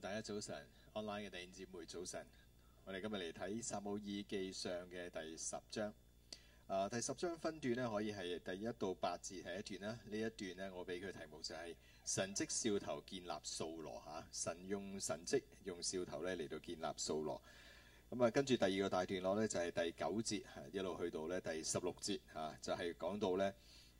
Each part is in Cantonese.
大家早晨，online 嘅弟兄姊妹早晨。我哋今日嚟睇撒母耳記上嘅第十章。啊，第十章分段咧，可以係第一到八節係一段啦。呢一段咧，我俾佢題目就係神蹟兆頭建立掃羅吓。神用神蹟用兆頭咧嚟到建立掃羅。咁啊，跟住第二個大段落咧就係第九節一路去到咧第十六節吓、啊，就係、是、講到咧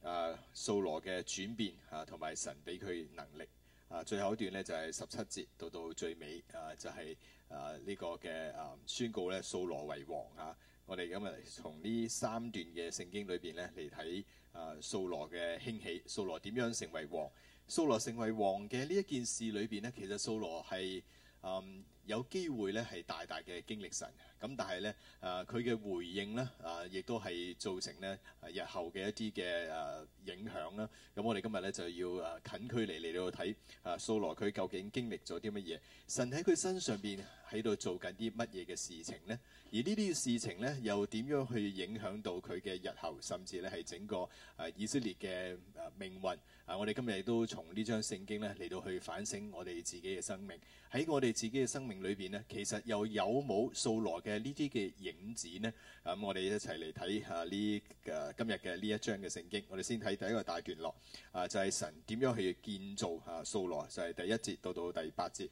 啊掃羅嘅轉變吓，同、啊、埋神俾佢能力。啊，最後一段咧就係十七節到到最尾，啊就係、是、啊呢、這個嘅啊、嗯、宣告咧，掃羅為王啊！我哋今日從呢三段嘅聖經裏邊咧嚟睇啊掃羅嘅興起，掃羅點樣成為王？掃羅成為王嘅呢一件事裏邊咧，其實掃羅係嗯有機會咧係大大嘅經歷神嘅。咁但係咧，誒佢嘅回應咧，誒亦都係造成咧誒日後嘅一啲嘅誒影響啦。咁我哋今日咧就要誒近距離嚟到睇誒掃羅佢究竟經歷咗啲乜嘢？神喺佢身上邊喺度做緊啲乜嘢嘅事情咧？而呢啲事情咧又點樣去影響到佢嘅日後，甚至咧係整個誒以色列嘅誒命運？啊！我哋今日亦都從呢張聖經咧嚟到去反省我哋自己嘅生命。喺我哋自己嘅生命裏邊咧，其實又有冇掃羅嘅呢啲嘅影子呢，咁、嗯、我哋一齊嚟睇啊呢嘅今日嘅呢一章嘅聖經，我哋先睇第一個大段落啊，就係、是、神點樣去建造啊，掃羅就係、是、第一節到到第八節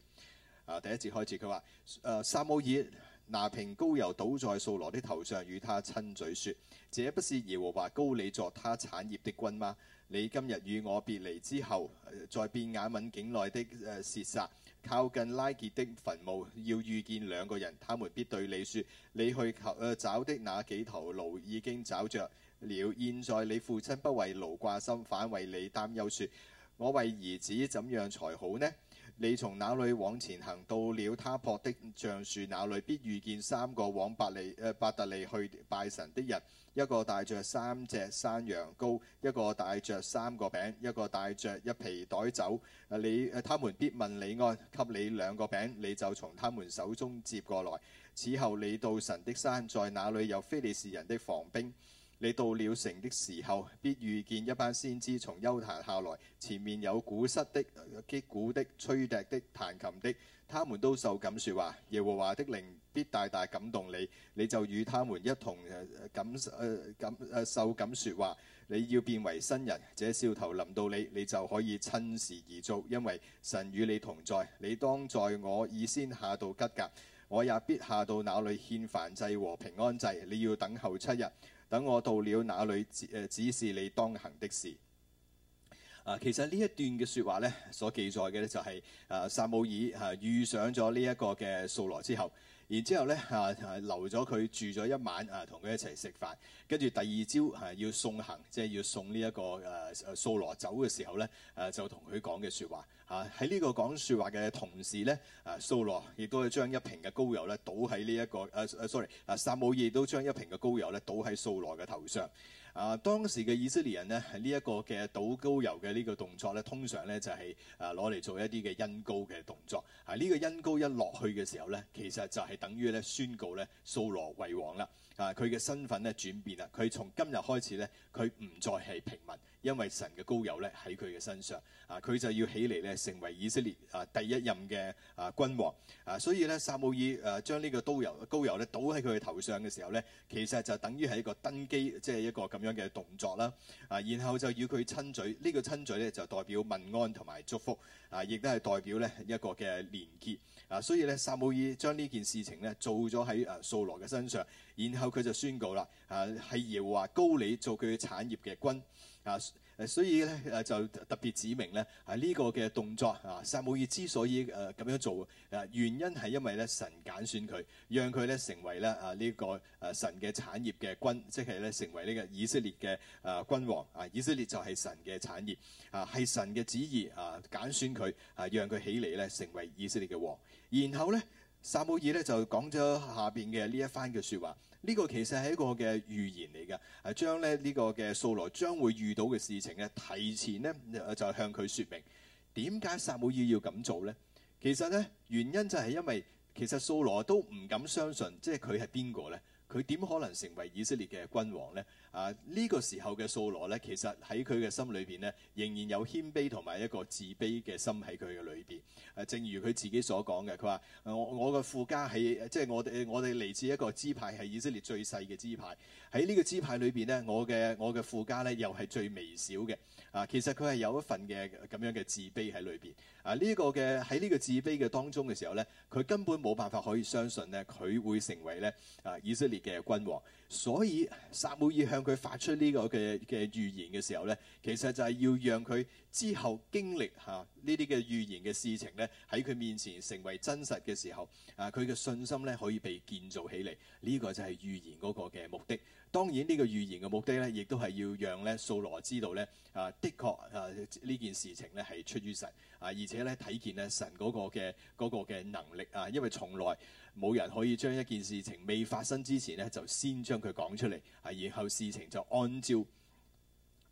啊，第一節開始佢話誒，撒母耳拿瓶膏油倒在掃羅的頭上，與他親嘴說：，這不是耶和華膏你作他產業的君嗎？你今日與我別離之後，在便雅憫境內的誒、啊，泄撒。靠近拉結的墳墓，要遇見兩個人，他們必對你說，你去求誒找的那幾頭驢已經找着了。現在你父親不為驢掛心，反為你擔憂，說我為兒子怎樣才好呢？你從那裏往前行，到了他泊的橡樹那裏，必遇見三個往伯利誒、呃、伯特利去拜神的人，一個帶著三隻山羊羔，一個帶著三個餅，一個帶著一皮袋酒。你誒他們必問你安，給你兩個餅，你就從他們手中接過來。此後你到神的山，在那裏有非利士人的防兵。你到了城的時候，必遇見一班先知從丘壇下來，前面有鼓瑟的、擊鼓的、吹笛的、彈琴的，他們都受感説話。耶和華的靈必大大感動你，你就與他們一同感，感，感受感説話。你要變為新人，這兆頭臨到你，你就可以趁時而做，因為神與你同在。你當在我以先下到吉甲，我也必下到那裏獻燔祭和平安祭。你要等候七日。等我到了那裏，誒指示你當行的事。啊，其實呢一段嘅說話咧，所記載嘅咧就係、誒、啊撒母耳啊遇上咗呢一個嘅掃羅之後。然之後咧，嚇、啊、留咗佢住咗一晚，啊同佢一齊食飯，跟住第二朝嚇、啊、要送行，這個，即係要送呢一個誒掃羅走嘅時候咧，誒、啊、就同佢講嘅説話，嚇、啊、喺呢個講説話嘅同時咧，誒掃羅亦都將一瓶嘅膏油咧倒喺呢一個誒誒、啊啊，sorry，啊撒母耳都將一瓶嘅膏油咧倒喺掃羅嘅頭上。啊，當時嘅以色列人呢，係呢一個嘅倒膏油嘅呢個動作呢，通常呢就係、是、啊攞嚟做一啲嘅恩膏嘅動作。啊，呢、這個恩膏一落去嘅時候呢，其實就係等於咧宣告咧掃羅為王啦。啊，佢嘅身份咧轉變啦，佢從今日開始咧，佢唔再係平民。因為神嘅膏油咧喺佢嘅身上啊，佢就要起嚟咧，成為以色列啊第一任嘅啊君王啊。所以咧，撒母耳誒將個呢個刀油膏油咧倒喺佢嘅頭上嘅時候咧，其實就等於係一個登基，即、就、係、是、一個咁樣嘅動作啦。啊，然後就要佢親嘴，呢、這個親嘴咧就代表問安同埋祝福啊，亦都係代表咧一個嘅連結啊。所以咧，撒母耳將呢件事情咧做咗喺啊掃羅嘅身上，然後佢就宣告啦啊，係耶和華膏你做佢產業嘅君。啊，誒所以咧誒就特別指明咧，係、啊、呢、這個嘅動作啊，撒母耳之所以誒咁、啊、樣做誒、啊，原因係因為咧神揀選佢，讓佢咧成為咧啊呢個誒神嘅產業嘅君，即係咧成為呢個以色列嘅誒君王啊！以色列就係神嘅產業啊，係神嘅旨意啊，揀選佢啊，讓佢起嚟咧成為以色列嘅王。然後咧，撒母耳咧就講咗下邊嘅呢一番嘅説話。呢個其實係一個嘅預言嚟嘅，係將咧呢、這個嘅掃羅將會遇到嘅事情咧，提前咧就向佢説明點解撒母耳要咁做咧？其實咧原因就係因為其實掃羅都唔敢相信，即係佢係邊個咧？佢點可能成為以色列嘅君王咧？啊、呢、這個時候嘅掃羅咧，其實喺佢嘅心裏邊咧，仍然有謙卑同埋一個自卑嘅心喺佢嘅裏邊誒、啊，正如佢自己所講嘅，佢話、呃、我我嘅父家係即係我哋我哋嚟自一個支派，係以色列最細嘅支派。喺呢個支派裏邊咧，我嘅我嘅父家咧又係最微小嘅。啊，其實佢係有一份嘅咁樣嘅自卑喺裏邊啊，呢、這個嘅喺呢個自卑嘅當中嘅時候咧，佢根本冇辦法可以相信咧，佢會成為咧啊以色列嘅君王，所以撒母耳向佢發出呢個嘅嘅預言嘅時候咧，其實就係要讓佢。之後經歷嚇呢啲嘅預言嘅事情呢，喺佢面前成為真實嘅時候，啊佢嘅信心呢可以被建造起嚟，呢個就係預言嗰個嘅目的。當然呢個預言嘅目的呢，亦都係要讓呢素羅知道呢，啊，的確啊呢件事情呢係出於神啊，而且呢睇見呢神嗰個嘅嗰個嘅能力啊，因為從來冇人可以將一件事情未發生之前呢，就先將佢講出嚟，啊，然後事情就按照。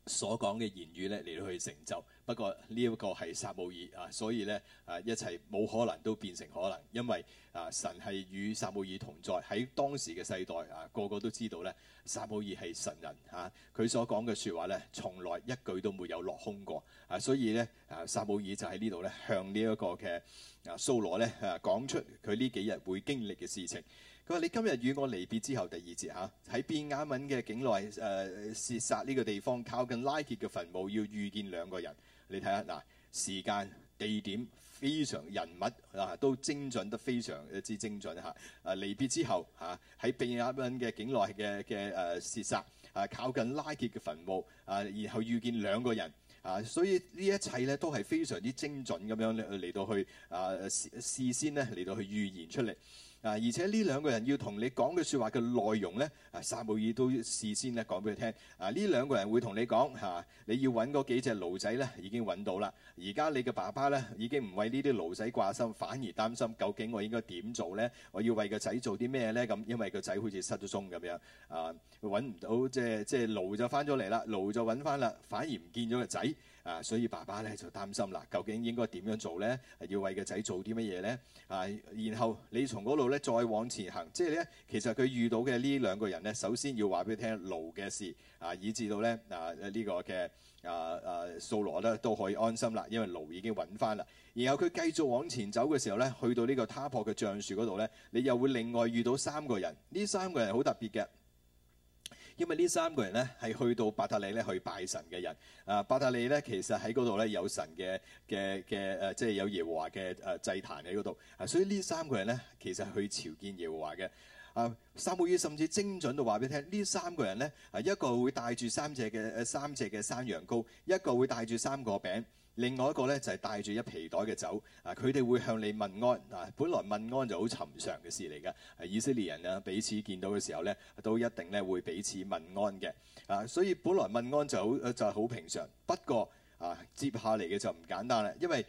所講嘅言語咧嚟到去成就，不過呢一個係撒母耳啊，所以咧啊一切冇可能都變成可能，因為啊神係與撒母耳同在，喺當時嘅世代啊，個個都知道咧，撒母耳係神人啊，佢、啊、所講嘅説話咧，從來一句都沒有落空過啊，所以咧啊撒母耳就喺呢度咧向呢一個嘅啊掃羅咧、啊、講出佢呢幾日會經歷嘅事情。佢話：你今日與我離別之後，第二節嚇喺、啊、便雅憫嘅境內誒、呃、細撒呢個地方，靠近拉結嘅墳墓，要遇見兩個人。你睇下嗱，時間、地點非常，人物啊都精準得非常之精準嚇。誒、啊、離別之後嚇喺、啊、便雅憫嘅境內嘅嘅誒細撒，誒、啊、靠近拉結嘅墳墓啊，然後遇見兩個人啊，所以呢一切咧都係非常之精準咁樣嚟到去啊事先呢，嚟到去預言出嚟。啊、而且呢兩個人要同你講嘅説話嘅內容呢，啊，撒母耳都事先咧講俾佢聽。啊，呢兩個人會同你講、啊、你要揾嗰幾隻驢仔咧，已經揾到啦。而家你嘅爸爸呢，已經唔為呢啲驢仔掛心，反而擔心究竟我應該點做呢？我要為個仔做啲咩咧？咁、啊、因為個仔好似失咗蹤咁樣揾唔、啊、到即係即係驢就翻咗嚟啦，驢就揾翻啦，反而唔見咗個仔。啊，所以爸爸咧就擔心啦，究竟應該點樣做咧？啊，要為個仔做啲乜嘢咧？啊，然後你從嗰度咧再往前行，即係咧，其實佢遇到嘅呢兩個人咧，首先要話俾佢聽，驢嘅事啊，以至到咧啊、這個、啊，啊素呢個嘅啊啊掃羅咧都可以安心啦，因為驢已經揾翻啦。然後佢繼續往前走嘅時候咧，去到呢個他泊嘅橡樹嗰度咧，你又會另外遇到三個人，呢三個人好特別嘅。因為呢三個人咧係去到伯特利咧去拜神嘅人，啊伯特利咧其實喺嗰度咧有神嘅嘅嘅誒，即係有耶和華嘅誒祭壇喺嗰度，啊所以呢三個人咧其實去朝見耶和華嘅，啊撒母耳甚至精準到話俾你聽，呢三個人咧啊一個會帶住三隻嘅誒三隻嘅山羊羔，一個會帶住三,三,三,三個餅。另外一個呢，就係、是、帶住一皮袋嘅酒，啊，佢哋會向你問安。嗱、啊，本來問安就好尋常嘅事嚟嘅、啊，以色列人啊，彼此見到嘅時候呢，都一定呢會彼此問安嘅。啊，所以本來問安就好，就係、是、好平常。不過啊，接下嚟嘅就唔簡單啦，因為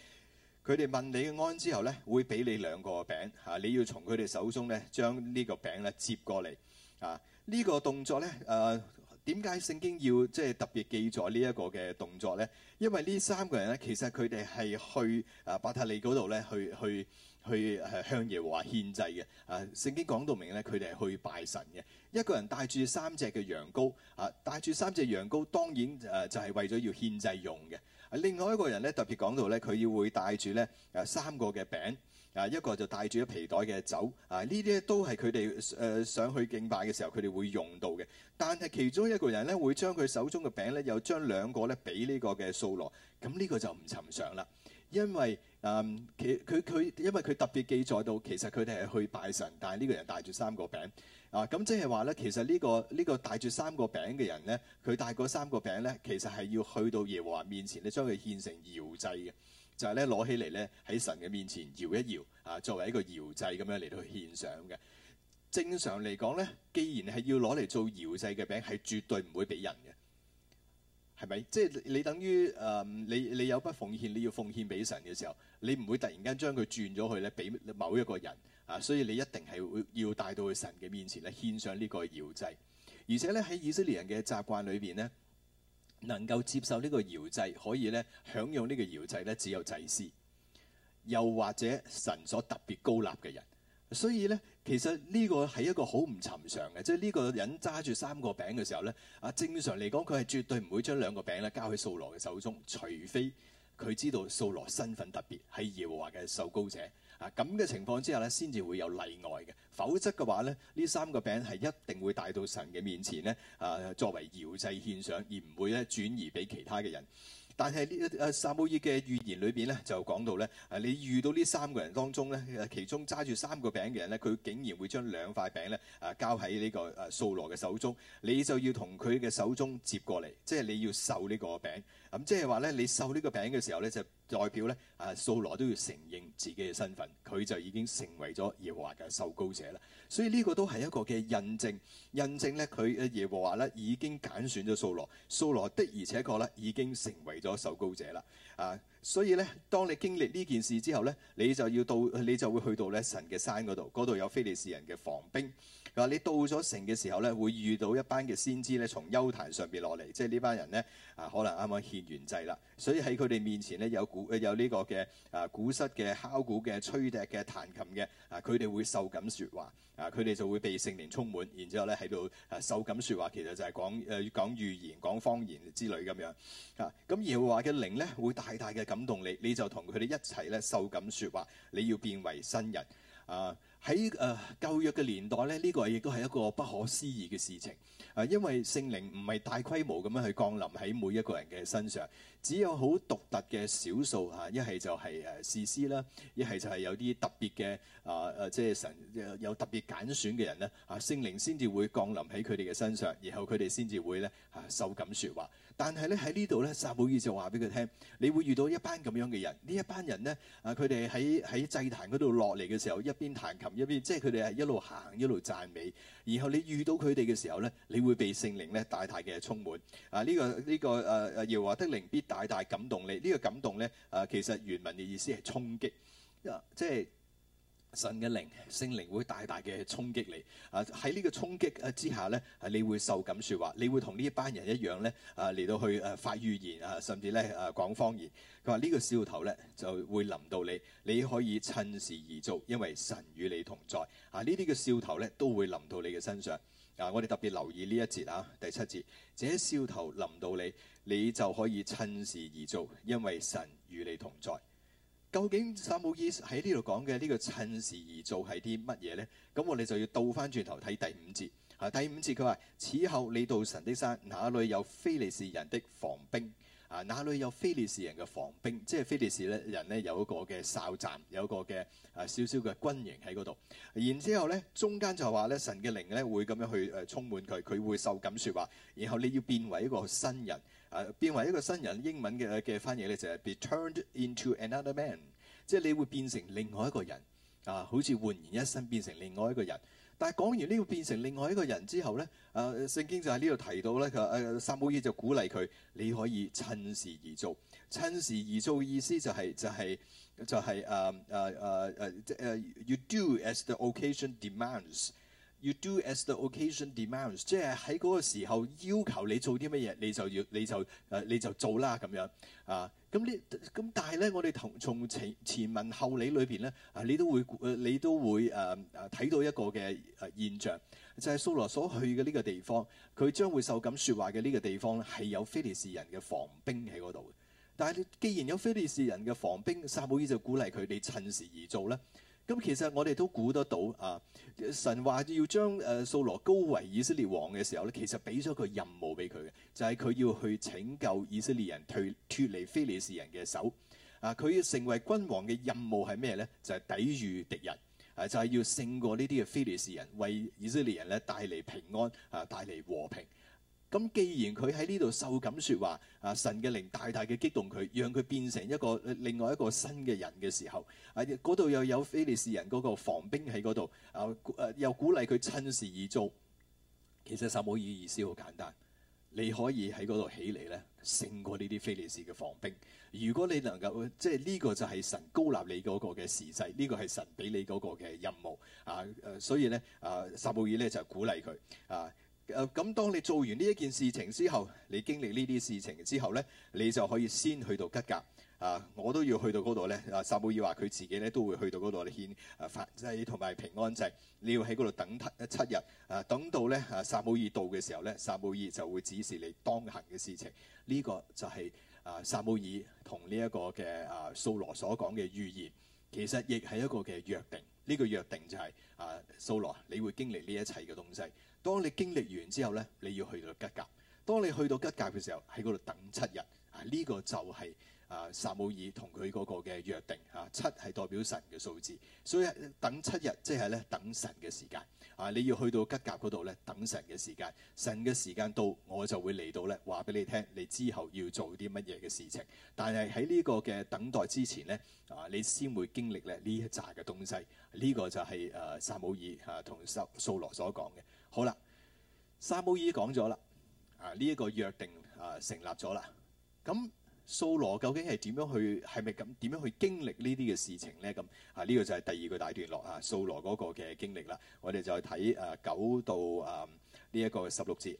佢哋問你嘅安之後呢，會俾你兩個餅，嚇、啊、你要從佢哋手中呢，將呢個餅呢接過嚟。啊，呢、這個動作呢。誒、啊。點解聖經要即係特別記載呢一個嘅動作咧？因為呢三個人咧，其實佢哋係去啊伯特利嗰度咧，去去去誒向耶和華獻祭嘅。啊，聖經講到明咧，佢哋係去拜神嘅。一個人帶住三隻嘅羊羔，啊，帶住三隻羊羔，當然誒就係為咗要獻祭用嘅。另外一個人咧特別講到咧，佢要會帶住咧誒三個嘅餅。啊，一個就帶住咗皮袋嘅酒，啊呢啲都係佢哋誒想去敬拜嘅時候，佢哋會用到嘅。但係其中一個人咧，會將佢手中嘅餅咧，又將兩個咧俾呢個嘅掃羅。咁、嗯、呢、呢個就唔尋常啦，因為誒、嗯、其佢佢因為佢特別記載到，其實佢哋係去拜神，但係呢個人帶住三個餅。啊，咁即係話咧，其實呢、呢個呢、呢個帶住三個餅嘅人咧，佢帶嗰三個餅咧，其實係要去到耶和華面前咧，將佢獻成搖祭嘅。就係咧，攞起嚟咧，喺神嘅面前搖一搖啊，作為一個搖祭咁樣嚟到獻上嘅。正常嚟講咧，既然係要攞嚟做搖祭嘅餅，係絕對唔會俾人嘅，係咪？即、就、係、是、你等於誒、呃，你你有筆奉獻，你要奉獻俾神嘅時候，你唔會突然間將佢轉咗去咧俾某一個人啊，所以你一定係會要帶到去神嘅面前咧獻上呢個搖祭，而且咧喺以色列人嘅習慣裏邊咧。能夠接受呢個搖祭，可以咧享用呢個搖祭，咧，只有祭司，又或者神所特別膏立嘅人。所以咧，其實呢個係一個好唔尋常嘅，即係呢個人揸住三個餅嘅時候咧，啊正常嚟講佢係絕對唔會將兩個餅咧交喺掃羅嘅手中，除非佢知道掃羅身份特別係耶和華嘅受膏者。咁嘅情況之下咧，先至會有例外嘅；否則嘅話咧，呢三個餅係一定會帶到神嘅面前咧，啊作為搖祭獻上，而唔會咧轉移俾其他嘅人。但係呢，啊撒母耳嘅預言裏邊咧，就講到咧，啊你遇到呢三個人當中咧，其中揸住三個餅嘅人咧，佢竟然會將兩塊餅咧，啊交喺呢個啊掃羅嘅手中，你就要同佢嘅手中接過嚟，即係你要受呢個餅。咁、啊、即係話咧，你受呢個餅嘅時候咧，就代表咧，啊，掃羅都要承認自己嘅身份，佢就已經成為咗耶和華嘅受膏者啦。所以呢個都係一個嘅印證，印證咧，佢耶和華咧已經揀選咗掃羅，掃羅的而且確咧已經成為咗受膏者啦。啊，所以咧，當你經歷呢件事之後咧，你就要到，你就會去到咧神嘅山嗰度，嗰度有非利士人嘅防兵。嗱，你到咗城嘅時候咧，會遇到一班嘅先知咧，從丘壇上邊落嚟，即係呢班人咧啊，可能啱啱獻完祭啦，所以喺佢哋面前咧有鼓有呢個嘅啊鼓瑟嘅、敲鼓嘅、吹笛嘅、彈琴嘅啊，佢哋會受感説話啊，佢哋就會被聖靈充滿，然之後咧喺度受感説話，其實就係講誒、啊、講預言、講方言之類咁樣啊。咁耶和華嘅靈咧會大大嘅感動你，你就同佢哋一齊咧受感説話，你要變為新人啊。啊啊喺誒舊約嘅年代咧，呢個亦都係一個不可思議嘅事情，誒，因為聖靈唔係大規模咁樣去降臨喺每一個人嘅身上。只有好獨特嘅少數嚇，一係就係誒士師啦，一係就係有啲特別嘅啊誒，即係神有特別揀選嘅人咧嚇、啊，聖靈先至會降臨喺佢哋嘅身上，然後佢哋先至會咧嚇、啊、受感説話。但係咧喺呢度咧，撒母耳就話俾佢聽，你會遇到一班咁樣嘅人。一人呢一班人咧啊，佢哋喺喺祭壇嗰度落嚟嘅時候，一邊彈琴一邊即係佢哋係一路行一路讚美。然後你遇到佢哋嘅時候呢，你會被聖靈咧，大大嘅充滿。啊，呢個呢個誒，耶和華的靈必大大感動你。呢個感動呢，啊，其實原文嘅意思係衝擊，即係。神嘅靈性靈會大大嘅衝擊你啊！喺呢個衝擊啊之下咧、啊，你會受感説話，你會同呢一班人一樣呢，啊，嚟到去誒發預言啊，甚至呢誒、啊、講方言。佢話呢個笑頭呢就會臨到你，你可以趁時而做，因為神與你同在啊！呢啲嘅笑頭呢都會臨到你嘅身上啊！我哋特別留意呢一節啊，第七節，這笑頭臨到你，你就可以趁時而做，因為神與你同在。究竟撒母耳喺呢度講嘅呢個趁時而做係啲乜嘢咧？咁我哋就要倒翻轉頭睇第五節。啊，第五節佢話：此後你到神的山，哪裏有非利士人的防兵。啊！那裏有菲利士人嘅防兵，即係菲利士咧人呢，有一個嘅哨站，有一個嘅啊少少嘅軍營喺嗰度。然之後咧，中間就話咧神嘅靈咧會咁樣去誒充滿佢，佢會受感説話。然後你要變為一個新人，誒、啊、變為一個新人、啊、個新人英文嘅嘅、啊、翻譯咧就係、是、be turned into another man，即係你會變成另外一個人啊，好似煥然一新，變成另外一個人。但係講完呢個變成另外一個人之後咧，誒、啊、聖經就喺呢度提到咧，佢誒撒母耳就鼓勵佢，你可以趁時而做。趁時而做意思就係、係、就係、係、就係誒誒誒誒誒，you do as the occasion demands，you do as the occasion demands，即係喺嗰個時候要求你做啲乜嘢，你就要你就誒、uh, 你就做啦咁樣啊。Uh, 咁呢？咁但係咧，我哋從前前文後理裏邊咧，啊，你都會誒，你都會誒誒睇到一個嘅誒現象，就係、是、掃羅所去嘅呢個地方，佢將會受咁説話嘅呢個地方咧，係有菲利士人嘅防兵喺嗰度嘅。但係既然有菲利士人嘅防兵，撒母耳就鼓勵佢哋趁時而做咧。咁其實我哋都估得到啊！神話要將誒掃、呃、羅高為以色列王嘅時候咧，其實俾咗個任務俾佢嘅，就係、是、佢要去拯救以色列人脫脱離非利士人嘅手。啊，佢要成為君王嘅任務係咩咧？就係、是、抵禦敵人，啊，就係、是、要勝過呢啲嘅非利士人，為以色列人咧帶嚟平安啊，帶嚟和平。咁既然佢喺呢度受感説話，啊神嘅靈大大嘅激動佢，讓佢變成一個另外一個新嘅人嘅時候，啊嗰度又有非利士人嗰個防兵喺嗰度，啊誒、啊、又鼓勵佢趁時而做。其實撒母耳意思好簡單，你可以喺嗰度起嚟咧，勝過呢啲非利士嘅防兵。如果你能夠，即係呢個就係神膏立你嗰個嘅時勢，呢、這個係神俾你嗰個嘅任務啊、呃。所以咧，啊撒母耳咧就鼓勵佢啊。誒咁、啊，當你做完呢一件事情之後，你經歷呢啲事情之後呢，你就可以先去到吉格啊。我都要去到嗰度，啊呢，啊、呢。啊，撒母耳話佢自己咧都會去到嗰度嚟獻燔祭同埋平安祭。你要喺嗰度等七日啊，等到咧啊撒母耳到嘅時候呢，撒母耳就會指示你當行嘅事情。呢、這個就係、是、啊撒母耳同呢一個嘅啊掃羅所講嘅預言，其實亦係一個嘅約定。呢、這個約定就係、是、啊掃羅，你會經歷呢一切嘅東西。當你經歷完之後咧，你要去到吉甲。當你去到吉甲嘅時候，喺嗰度等七日啊。呢個就係啊撒母耳同佢嗰個嘅約定啊。七係代表神嘅數字，所以等七日即係咧等神嘅時間啊。你要去到吉甲嗰度咧，等神嘅時間。神嘅時間到，我就會嚟到咧，話俾你聽，你之後要做啲乜嘢嘅事情。但係喺呢個嘅等待之前咧啊，你先會經歷咧呢一紮嘅東西。呢個就係啊撒母耳啊同掃掃羅所講嘅。好啦，撒母耳講咗啦，啊呢一，這個約定啊成立咗啦。咁掃羅究竟係點樣去係咪咁點樣去經歷呢啲嘅事情呢？咁啊呢，啊啊這個就係第二個大段落啊，掃羅嗰個嘅經歷啦。我哋就睇誒、啊、九到啊呢一，這個十六節。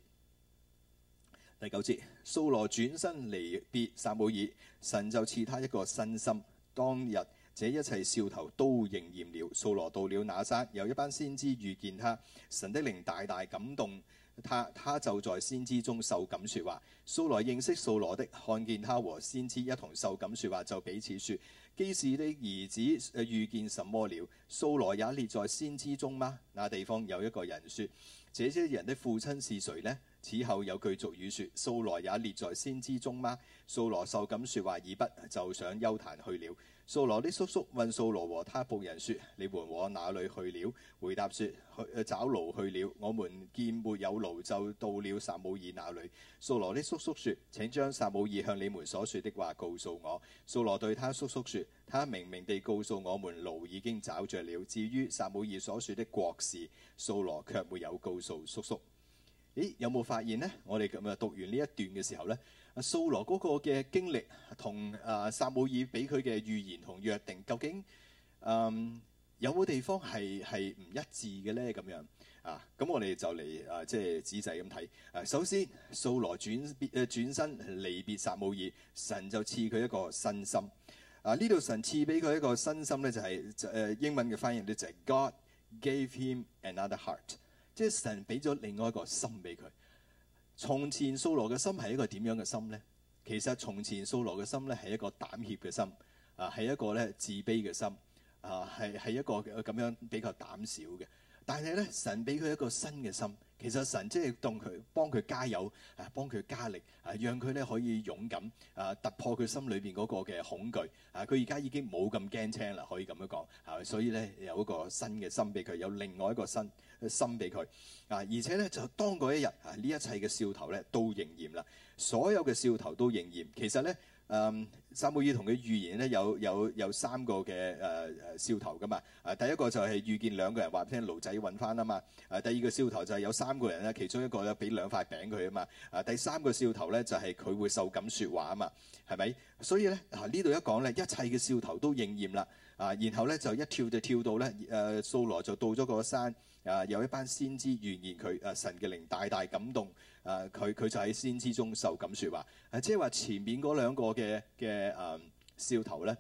第九節，掃羅轉身離別撒母耳，神就賜他一個身心當日。這一切兆頭都應驗了。掃羅到了那山，有一班先知遇見他，神的靈大大感動他，他就在先知中受感説話。素來認識掃羅的看見他和先知一同受感説話，就彼此説：基士的兒子誒遇見什麼了？掃羅也列在先知中嗎？那地方有一個人説：這些人的父親是誰呢？此後有句俗語説：掃羅也列在先知中嗎？掃羅受感説話已畢就上丘壇去了。掃羅的叔叔問掃羅和他僕人說：你們往哪裏去了？回答說：去找驢去了。我們見沒有驢，就到了撒母耳那裏。掃羅的叔叔說：請將撒母耳向你們所說的話告訴我。掃羅對他叔叔說：他明明地告訴我們驢已經找着了。至於撒母耳所說的國事，掃羅卻沒有告訴叔叔。咦？有冇發現呢？我哋咁啊讀完呢一段嘅時候呢。」蘇嗯、有有啊，掃羅嗰個嘅經歷同啊撒母耳俾佢嘅預言同約定，究竟嗯有冇地方係係唔一致嘅咧？咁樣啊，咁我哋就嚟啊，即係仔細咁睇。啊，首先掃羅轉變誒轉身離別撒母耳，神就賜佢一個新心。啊，呢度神賜俾佢一個新心咧，就是，就係誒英文嘅翻譯咧，就係 God gave him another heart，即係神俾咗另外一個心俾佢。從前掃羅嘅心係一個點樣嘅心咧？其實從前掃羅嘅心咧係一個膽怯嘅心，啊係一個咧自卑嘅心，啊係係一個咁樣比較膽小嘅。但係咧，神俾佢一個新嘅心，其實神即係當佢幫佢加油，啊幫佢加力，啊讓佢咧可以勇敢，啊突破佢心裏邊嗰個嘅恐懼，啊佢而家已經冇咁驚青啦，可以咁樣講，係、啊、所以咧有一個新嘅心俾佢，有另外一個新嘅心俾佢，啊而且咧就當嗰一日，啊呢一切嘅兆頭咧都應驗啦，所有嘅兆頭都應驗，其實咧。誒，撒、um, 母耳同佢預言咧，有有有三個嘅誒誒兆頭㗎嘛。誒、呃，第一個就係遇見兩個人，話聽驢仔揾返啦嘛。誒，第二個兆頭就係有三個人咧，其中一個咧俾兩塊餅佢啊嘛。誒、呃，第三個兆頭咧就係、是、佢會受感説話啊嘛。係咪？所以咧，呢、啊、度一講咧，一切嘅兆頭都應驗啦。啊，然後咧就一跳就跳到咧誒，掃、呃、羅就到咗個山。啊，有一班先知預言佢，啊神嘅靈大大感動，啊佢佢就喺先知中受感説話，啊即係話前面嗰兩個嘅嘅啊兆頭咧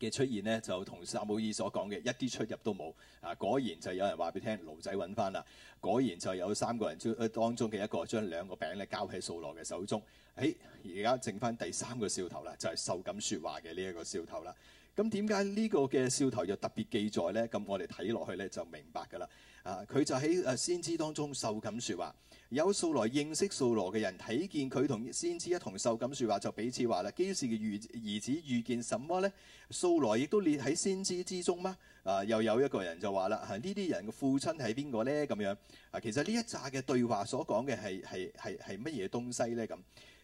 嘅出現呢，就同撒母耳所講嘅一啲出入都冇，啊果然就有人話俾聽驢仔揾翻啦，果然就有三個人中、呃、當中嘅一個將兩個餅咧交喺掃羅嘅手中，喺而家剩翻第三個兆頭啦，就係、是、受感説話嘅呢一個兆頭啦。咁點解呢個嘅兆頭又特別記載咧？咁我哋睇落去咧就明白㗎啦。啊，佢就喺誒先知當中受感説話，有素來認識素羅嘅人睇見佢同先知一同受感説話，就彼此話啦：「基士嘅兒子遇見什麼呢？」「素羅亦都列喺先知之中嗎？啊，又有一個人就話啦：啊，呢啲人嘅父親係邊個咧？咁樣啊，其實呢一扎嘅對話所講嘅係係係係乜嘢東西咧？咁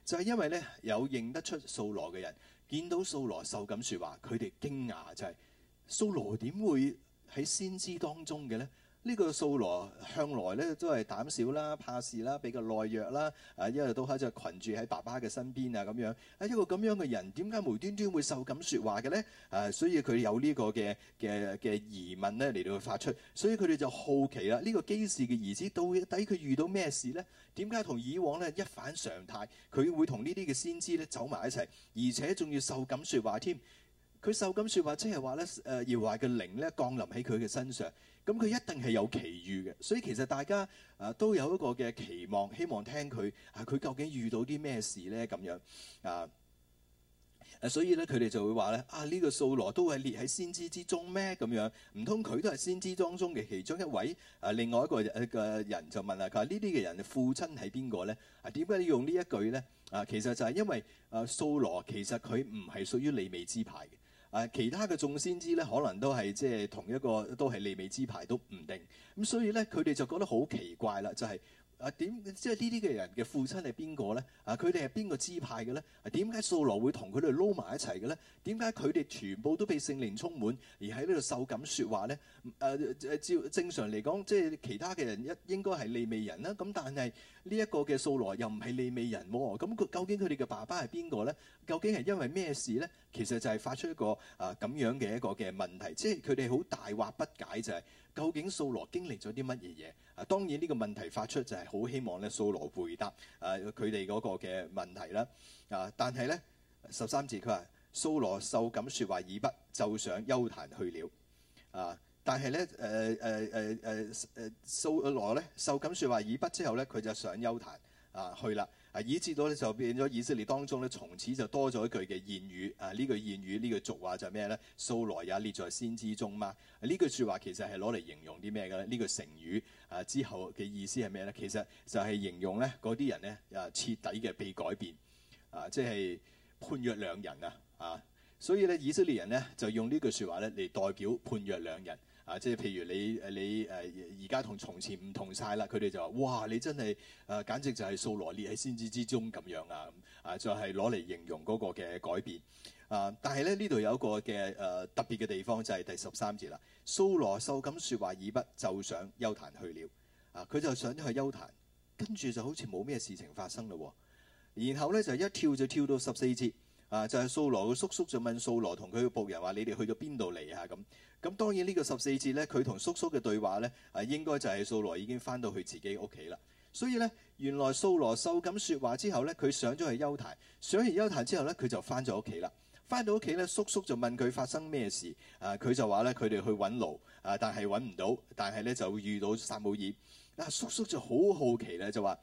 就係因為咧有認得出素羅嘅人。見到素羅受感説話，佢哋驚訝就係、是、素羅點會喺先知當中嘅咧？呢個掃羅向來咧都係膽小啦，怕事啦，比較懦弱啦。啊，一日到黑就群住喺爸爸嘅身邊啊，咁樣啊一個咁樣嘅人，點解無端端會受感説話嘅咧？啊，所以佢有呢個嘅嘅嘅疑問咧，嚟到佢發出，所以佢哋就好奇啦。呢、這個基士嘅兒子到底佢遇到咩事咧？點解同以往咧一反常態？佢會同呢啲嘅先知咧走埋一齊，而且仲要受感説話添。佢受感説話說，即係話咧誒，耶和華嘅靈咧降臨喺佢嘅身上。咁佢、嗯、一定係有奇遇嘅，所以其實大家啊都有一個嘅期望，希望聽佢啊佢究竟遇到啲咩事咧咁樣。啊？啊，所以咧佢哋就會話咧啊，呢、這個掃羅都係列喺先知之中咩？咁樣，唔通佢都係先知當中嘅其中一位啊？另外一個嘅人就問啦，佢話呢啲嘅人父親係邊個咧？啊，點解要用呢一句咧？啊，其實就係因為啊，掃羅其實佢唔係屬於利未支派嘅。誒，其他嘅眾先知咧，可能都係即係同一個都係利未支派都唔定，咁所以咧，佢哋就覺得好奇怪啦，就係、是。啊點即係呢啲嘅人嘅父親係邊個咧？啊佢哋係邊個支派嘅咧？啊點解掃羅會同佢哋撈埋一齊嘅咧？點解佢哋全部都被聖靈充滿而喺呢度受感説話咧？誒、啊、照正常嚟講，即係其他嘅人一應該係利未人啦。咁、啊、但係呢一個嘅掃羅又唔係利未人喎、哦。咁究竟佢哋嘅爸爸係邊個咧？究竟係因為咩事咧？其實就係發出一個啊咁樣嘅一個嘅問題，即係佢哋好大惑不解就係、是、究竟掃羅經歷咗啲乜嘢嘢？嗱、啊，當然呢個問題發出就係好希望咧，掃羅回答誒佢哋嗰個嘅問題啦。啊，但係咧十三節佢話，掃羅受感説話已畢，就上邱壇去了。啊，但係咧誒誒誒誒誒掃羅咧受感説話已畢之後咧，佢就上邱壇啊去啦。啊，以至到咧就變咗以色列當中咧，從此就多咗一句嘅諺語啊。呢句諺語呢句俗話就係咩咧？掃羅也列在先知中嘛。啊，呢句説話其實係攞嚟形容啲咩嘅咧？呢句成語啊之後嘅意思係咩咧？其實就係形容咧嗰啲人咧啊徹底嘅被改變啊，即係判若兩人啊啊！所以咧以色列人咧就用呢句説話咧嚟代表判若兩人。啊！即係譬如你誒你誒而家同從前唔同晒啦，佢哋就話：哇！你真係誒、啊，簡直就係掃羅列喺先知之中咁樣啊！啊，就係攞嚟形容嗰個嘅改變啊！但係咧呢度有一個嘅誒、啊、特別嘅地方就係、是、第十三節啦。掃羅受感説話已畢，就上邱壇去了啊！佢就上咗去邱壇，跟住就好似冇咩事情發生咯、啊。然後咧就一跳就跳到十四節。啊！就係、是、掃羅嘅叔叔就問掃羅同佢嘅僕人話： 你哋去咗邊度嚟啊？咁咁當然呢個十四節咧，佢同叔叔嘅對話咧，係、啊、應該就係掃羅已經翻到佢自己屋企啦。所以咧，原來掃羅受感説話之後咧，佢上咗去丘壇，上完丘壇之後咧，佢就翻咗屋企啦。翻到屋企咧，叔叔就問佢發生咩事啊？佢就話咧：佢哋去揾驢啊，但係揾唔到，但係咧就會遇到撒母耳。啊！叔叔就好好奇咧，就話。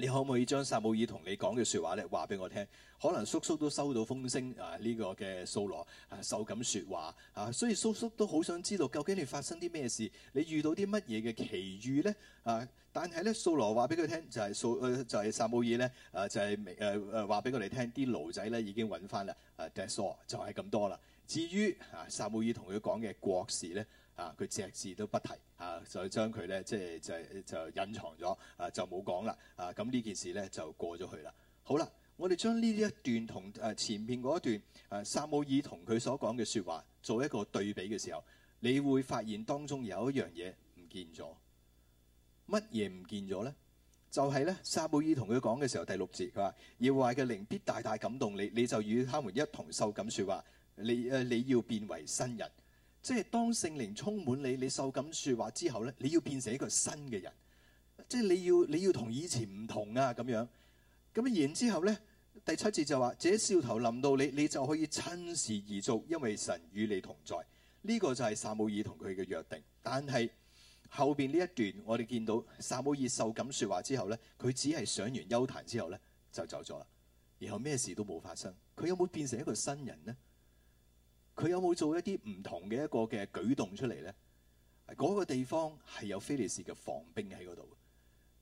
你可唔可以將撒母耳同你講嘅説話咧，話俾我聽？可能叔叔都收到風聲啊！呢個嘅掃羅啊受感説話啊，所以叔叔都好想知道究竟你發生啲咩事？你遇到啲乜嘢嘅奇遇咧？啊！但係咧掃羅話俾佢聽就係，掃，誒就係撒母耳咧，誒，就係誒誒，話俾我哋聽啲奴仔咧已經揾翻啦，誒，掟梳就係咁多啦。至於啊撒母耳同佢講嘅國事咧。啊！佢隻字都不提啊，就將佢咧，即係就就隱藏咗啊，就冇講啦啊！咁呢件事咧就過咗去啦。好啦，我哋將呢一段同誒前面嗰一段誒撒母耳同佢所講嘅説話做一個對比嘅時候，你會發現當中有一樣嘢唔見咗，乜嘢唔見咗咧？就係咧，撒母耳同佢講嘅時候，第六節佢話：耶和華嘅靈必大大感動你，你就與他們一同受感説話。你誒你要變為新人。即係當聖靈充滿你，你受感説話之後咧，你要變成一個新嘅人，即係你要你要同以前唔同啊咁樣。咁然之後咧，第七節就話：這兆頭臨到你，你就可以趁時而做，因為神與你同在。呢、這個就係撒母耳同佢嘅約定。但係後邊呢一段，我哋見到撒母耳受感説話之後咧，佢只係上完邱壇之後咧就走咗啦，然後咩事都冇發生。佢有冇變成一個新人呢？佢有冇做一啲唔同嘅一個嘅舉動出嚟咧？嗰、那個地方係有非利士嘅防兵喺嗰度。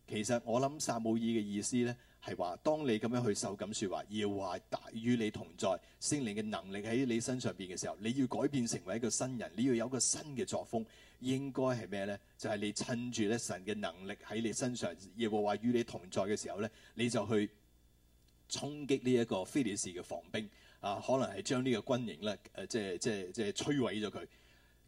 其實我諗撒母耳嘅意思咧係話，當你咁樣去受感說話，耶和華與你同在，聖靈嘅能力喺你身上邊嘅時候，你要改變成為一個新人，你要有個新嘅作風應該係咩咧？就係、是、你趁住咧神嘅能力喺你身上，耶和華與你同在嘅時候咧，你就去衝擊呢一個非利士嘅防兵。啊，可能係將呢個軍營咧，誒，即係即係即係摧毀咗佢。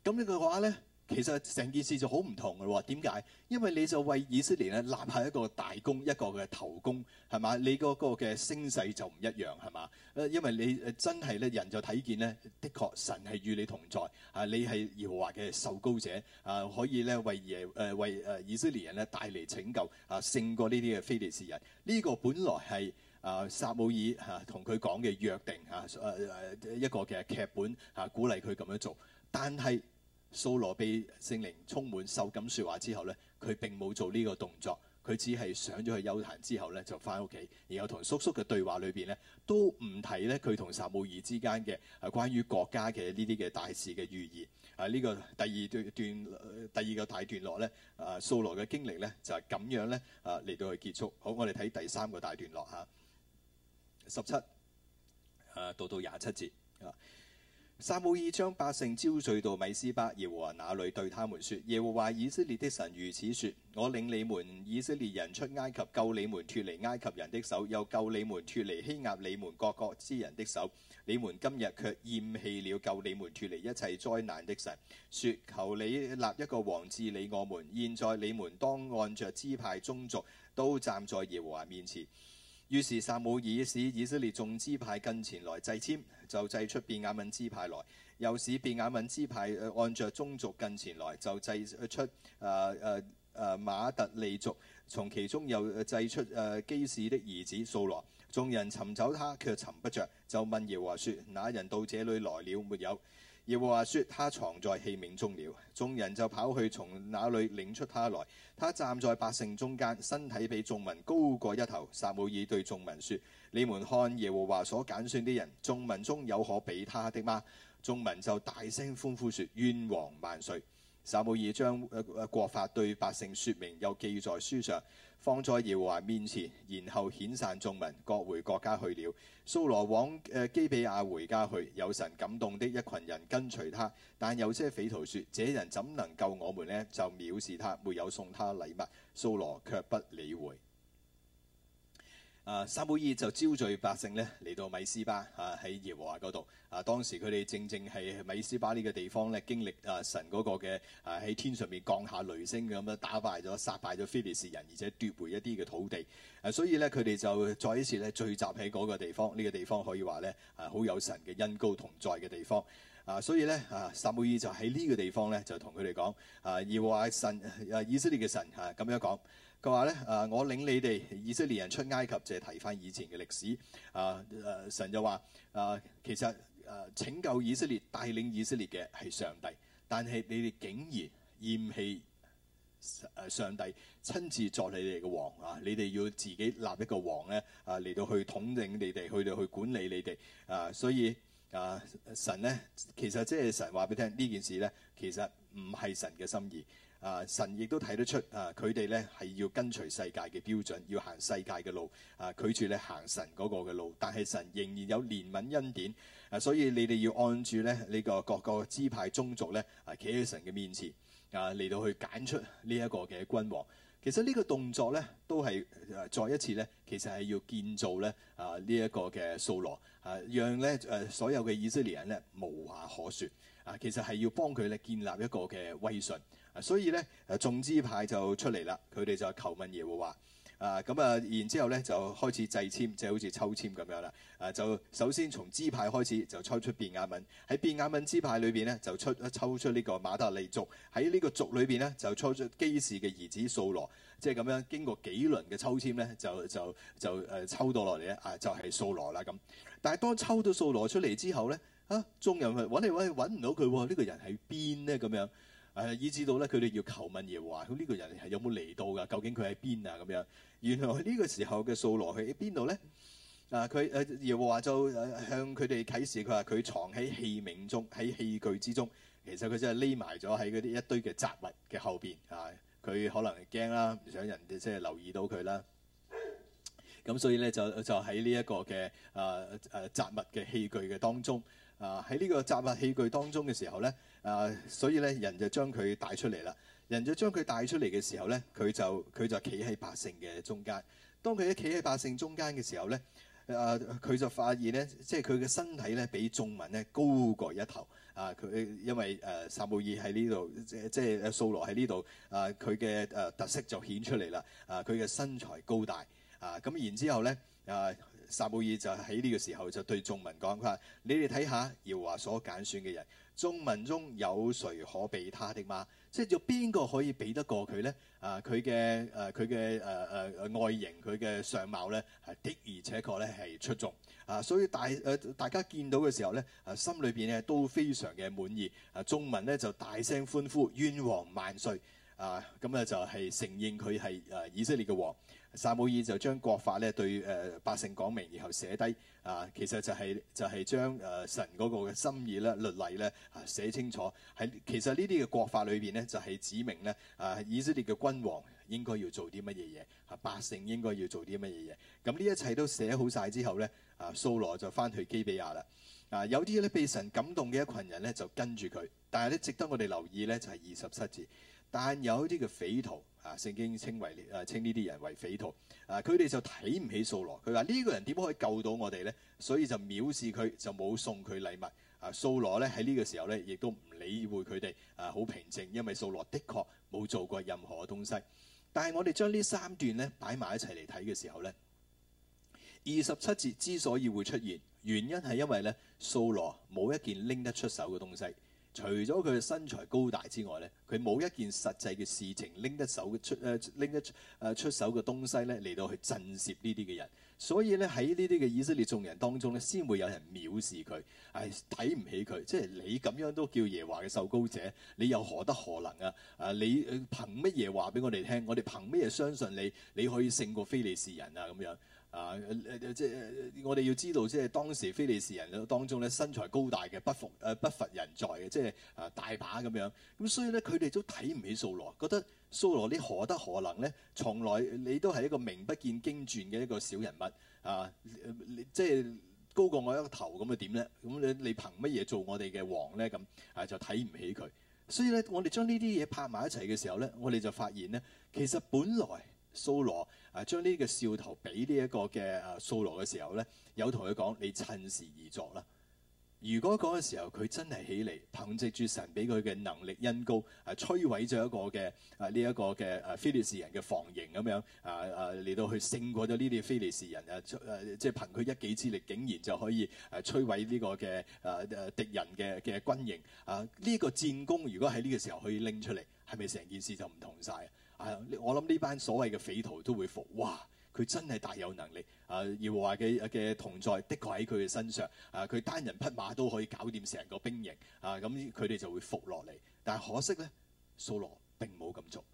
咁呢句話咧，其實成件事就好唔同嘅喎。點解？因為你就為以色列咧立下一個大功，一個嘅頭功係嘛？你嗰、那個嘅聲勢就唔一樣係嘛？因為你真係咧，人就睇見呢，的確神係與你同在啊！你係耶和華嘅受膏者啊，可以咧為耶誒為誒以色列人咧帶嚟拯救啊，勝過呢啲嘅非利士人。呢、這個本來係。啊，撒母耳嚇同佢講嘅約定嚇，誒、啊啊、一個嘅劇本嚇、啊，鼓勵佢咁樣做。但係掃羅被聖靈充滿受感説話之後咧，佢並冇做呢個動作，佢只係上咗去休閒之後咧就返屋企，然後同叔叔嘅對話裏邊咧都唔提咧佢同撒母耳之間嘅係關於國家嘅呢啲嘅大事嘅預言啊。呢、這個第二段段第二個大段落咧啊，掃羅嘅經歷咧就係、是、咁樣咧啊嚟到去結束。好，我哋睇第三個大段落嚇。啊十七 17, 啊到到廿七節啊，撒母耳將百姓招聚到米斯巴耶和華那裏，對他們說：耶和華以色列的神如此說：我領你們以色列人出埃及，救你們脱離埃及人的手，又救你們脫離欺壓你們各國之人的手。你們今日卻厭棄了救你們脫離一切災難的神，說：求你立一個王治理我們。現在你們當按着支派宗族，都站在耶和華面前。於是撒母耳使以色列眾支派近前來祭籤，就祭出便雅憫支派來，又使便雅憫支派按着宗族近前來，就祭出誒誒誒馬特利族，從其中又祭出誒、呃、基士的兒子掃羅，眾人尋找他，卻尋不着。就問耶和華說：那人到這裡來了沒有？耶和華説：他藏在器皿中了。眾人就跑去從那裏領出他來。他站在百姓中間，身體比眾民高過一頭。撒母耳對眾民説：你們看耶和華所揀選的人，眾民中有可比他的嗎？眾民就大聲歡呼説：願王萬歲！撒母耳將誒誒國法對百姓説明，又記在書上。放在耶和華面前，然後遣散眾民，各回各家去了。蘇羅往、呃、基比亞回家去，有神感動的一群人跟隨他，但有些匪徒説：這人怎能救我們呢？就藐視他，沒有送他禮物。蘇羅卻不理會。啊，撒母耳就招聚百姓咧嚟到米斯巴啊，喺耶和華嗰度。啊，當時佢哋正正係米斯巴呢個地方咧，經歷啊神嗰個嘅啊喺天上面降下雷聲咁樣打敗咗、殺敗咗非利士人，而且奪回一啲嘅土地。啊，所以咧佢哋就再一次咧聚集喺嗰個地方，呢、這個地方可以話咧啊好有神嘅恩膏同在嘅地方。啊，所以咧啊撒母耳就喺呢個地方咧就同佢哋講啊，耶和華神,、啊神啊啊啊、以色列嘅神啊咁樣講。啊啊啊啊啊啊啊佢話咧，誒，我領你哋以色列人出埃及，就係、是、提翻以前嘅歷史。誒，誒，神就話，誒、啊，其實誒、啊、拯救以色列、帶領以色列嘅係上帝，但係你哋竟然厭棄誒上帝親自作你哋嘅王啊！你哋要自己立一個王咧，誒、啊、嚟到去統領你哋，去到去管理你哋。誒、啊，所以誒、啊、神呢，其實即係神話俾你聽呢件事呢，其實唔係神嘅心意。啊！神亦都睇得出啊，佢哋咧係要跟隨世界嘅標準，要行世界嘅路啊，拒絕咧行神嗰個嘅路。但係神仍然有憐憫恩典啊，所以你哋要按住咧呢、這個各個支派宗族咧啊，企喺神嘅面前啊，嚟到去揀出呢一個嘅君王。其實呢個動作咧都係、啊、再一次咧，其實係要建造咧啊呢一、這個嘅掃羅啊，讓咧誒、啊、所有嘅以色列人咧無話可說啊。其實係要幫佢咧建立一個嘅威信。所以咧，眾支派就出嚟啦，佢哋就求問耶和華，啊咁啊，然之後咧就開始掣籤，即係好似抽籤咁樣啦。啊，就首先從支派開始，就抽出便雅憫喺便雅憫支派裏邊咧，就出抽，抽出呢個瑪特利族喺呢個族裏邊咧，就抽出基士嘅兒子掃羅，即係咁樣經過幾輪嘅抽籤咧，就就就誒抽到落嚟咧，啊就係掃羅啦咁。但係當抽到掃羅出嚟之後咧，啊眾人揾嚟揾去，揾唔到佢喎，呢個人喺邊呢？咁樣？係，以致到咧，佢哋要求問耶和華，咁呢個人係有冇嚟到㗎？究竟佢喺邊啊？咁樣，原來呢個時候嘅掃羅喺邊度咧？啊，佢耶和華就向佢哋啟示，佢話佢藏喺器皿中，喺器具之中。其實佢真係匿埋咗喺嗰啲一堆嘅雜物嘅後邊啊！佢可能驚啦，唔想人哋即係留意到佢啦。咁、啊、所以咧，就就喺呢一個嘅啊啊雜物嘅器具嘅當中啊，喺呢個雜物器具當中嘅時候咧。啊，所以咧，人就將佢帶出嚟啦。人就將佢帶出嚟嘅時候咧，佢就佢就企喺百姓嘅中間。當佢一企喺百姓中間嘅時候咧，啊，佢就發現咧，即係佢嘅身體咧，比眾民咧高過一頭。啊，佢因為誒撒母耳喺呢度，即即係掃羅喺呢度。啊，佢嘅誒特色就顯出嚟啦。啊，佢嘅身材高大。啊，咁然之後咧，啊。撒母耳就喺呢個時候就對眾民講：佢話你哋睇下，耀華所揀選嘅人，眾民中有誰可比他的嗎？即係就邊個可以比得過佢呢？啊，佢嘅誒佢嘅誒誒外形，佢嘅相貌咧係的而且確咧係出眾啊！所以大誒、呃、大家見到嘅時候咧，啊心裏邊咧都非常嘅滿意啊！眾民咧就大聲歡呼：願王萬歲！啊咁啊就係、是、承認佢係誒以色列嘅王。撒母耳就將國法咧對誒百姓講明，然後寫低啊，其實就係、是、就係、是、將誒、呃、神嗰個嘅心意咧、律例咧啊寫清楚。喺其實呢啲嘅國法裏邊咧，就係指明咧啊以色列嘅君王應該要做啲乜嘢嘢，啊百姓應該要做啲乜嘢嘢。咁、啊、呢一切都寫好晒之後咧，啊掃羅就翻去基比亞啦。啊有啲咧被神感動嘅一群人咧就跟住佢，但係咧值得我哋留意咧就係二十七節。但有一啲嘅匪徒，啊聖經稱為啊稱呢啲人為匪徒，啊佢哋就睇唔起掃羅，佢話呢個人點可以救到我哋呢？所以就藐視佢，就冇送佢禮物。啊掃羅呢喺呢個時候呢，亦都唔理會佢哋啊好平靜，因為掃羅的確冇做過任何東西。但係我哋將呢三段呢擺埋一齊嚟睇嘅時候呢，二十七節之所以會出現，原因係因為呢掃羅冇一件拎得出手嘅東西。除咗佢身材高大之外咧，佢冇一件實際嘅事情拎得手出誒拎一誒出手嘅東西咧，嚟到去震懾呢啲嘅人，所以咧喺呢啲嘅以色列眾人當中咧，先會有人藐視佢，係睇唔起佢。即係你咁樣都叫耶華嘅受膏者，你又何德何能啊？啊，你憑乜嘢話俾我哋聽？我哋憑乜嘢相信你？你可以勝過非利士人啊？咁樣。啊！即係我哋要知道，即係當時非利士人當中咧，身材高大嘅不復誒不乏人在嘅，即係啊大把咁樣。咁所以咧，佢哋都睇唔起掃羅，覺得掃羅你何德何能咧，從來你都係一個名不見經傳嘅一個小人物啊！即係高過我一個頭咁，又點咧？咁你你憑乜嘢做我哋嘅王咧？咁啊、呃、就睇唔起佢。所以咧，我哋將呢啲嘢拍埋一齊嘅時候咧，我哋就發現咧，其實本來。掃羅啊，將呢個兆頭俾呢一個嘅啊掃羅嘅時候呢，有同佢講：你趁時而作啦！如果嗰個時候佢真係起嚟，憑藉住神俾佢嘅能力因，恩膏係摧毀咗一個嘅啊呢一個嘅啊非利士人嘅防營咁樣啊啊，嚟到去勝過咗呢啲非利士人，啊，啊，利士人啊！即係憑佢一己之力，竟然就可以摧毀呢個嘅啊敵人嘅嘅軍營啊！呢個戰功，如果喺呢個時候可以拎出嚟，係咪成件事就唔同晒？啊、我諗呢班所謂嘅匪徒都會服。哇！佢真係大有能力啊！耶和華嘅嘅同在，的確喺佢嘅身上啊！佢單人匹馬都可以搞掂成個兵營啊！咁佢哋就會服落嚟。但係可惜呢，蘇羅並冇咁做。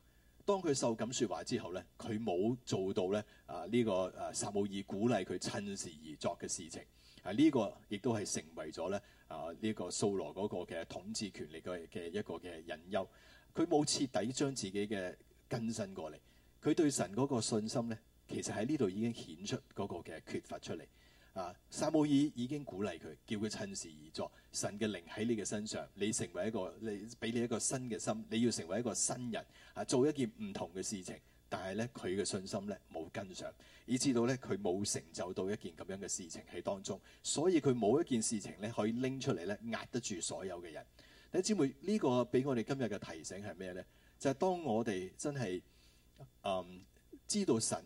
當佢受咁説話之後呢，佢冇做到咧啊！呢、這個啊撒母耳鼓勵佢趁時而作嘅事情啊！呢、這個亦都係成為咗咧啊呢、這個蘇羅嗰個嘅統治權力嘅嘅一個嘅隱憂。佢冇徹底將自己嘅。更新過嚟，佢對神嗰個信心呢，其實喺呢度已經顯出嗰個嘅缺乏出嚟。啊，撒母耳已經鼓勵佢，叫佢趁時而作，神嘅靈喺你嘅身上，你成為一個，你俾你一個新嘅心，你要成為一個新人，啊，做一件唔同嘅事情。但係呢，佢嘅信心呢冇跟上，以致到呢，佢冇成就到一件咁樣嘅事情喺當中，所以佢冇一件事情呢可以拎出嚟呢，壓得住所有嘅人。弟兄姊妹，呢個俾我哋今日嘅提醒係咩呢？就係當我哋真係嗯、um，知道神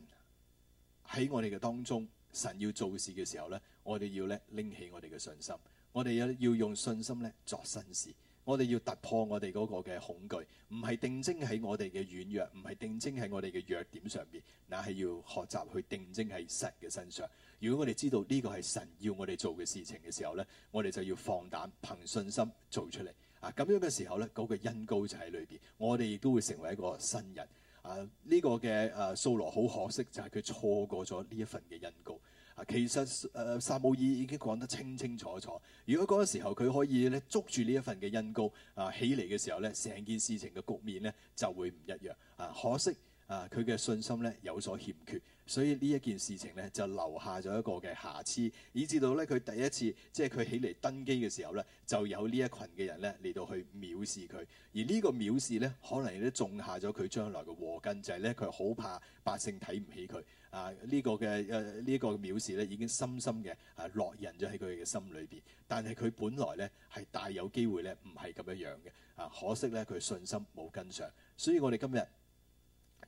喺我哋嘅當中，神要做嘅事嘅時候咧，我哋要咧拎起我哋嘅信心，我哋要要用信心咧作新事，我哋要突破我哋嗰個嘅恐懼，唔係定睛喺我哋嘅軟弱，唔係定睛喺我哋嘅弱點上邊，那係要學習去定睛喺神嘅身上。如果我哋知道呢個係神要我哋做嘅事情嘅時候咧，我哋就要放膽憑信心做出嚟。啊咁樣嘅時候咧，嗰、那個恩膏就喺裏邊。我哋亦都會成為一個新人。啊呢、這個嘅啊掃羅好可惜，就係佢錯過咗呢一份嘅恩膏。啊其實誒撒母耳已經講得清清楚楚。如果嗰個時候佢可以咧捉住呢一份嘅恩膏啊起嚟嘅時候咧，成件事情嘅局面咧就會唔一樣。啊可惜啊佢嘅信心咧有所欠缺。所以呢一件事情咧，就留下咗一個嘅瑕疵，以至到咧佢第一次即係佢起嚟登基嘅時候咧，就有呢一群嘅人咧嚟到去藐視佢。而呢個藐視咧，可能都種下咗佢將來嘅禍根，就係咧佢好怕百姓睇唔起佢。啊，呢個嘅誒呢個藐視咧，已經深深嘅啊烙印咗喺佢嘅心裏邊。但係佢本來咧係大有機會咧唔係咁樣樣嘅。啊，可惜咧佢信心冇跟上。所以我哋今日，